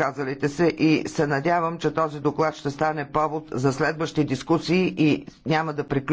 изказалите се и се надявам, че този доклад ще стане повод за следващи дискусии и няма да приключи.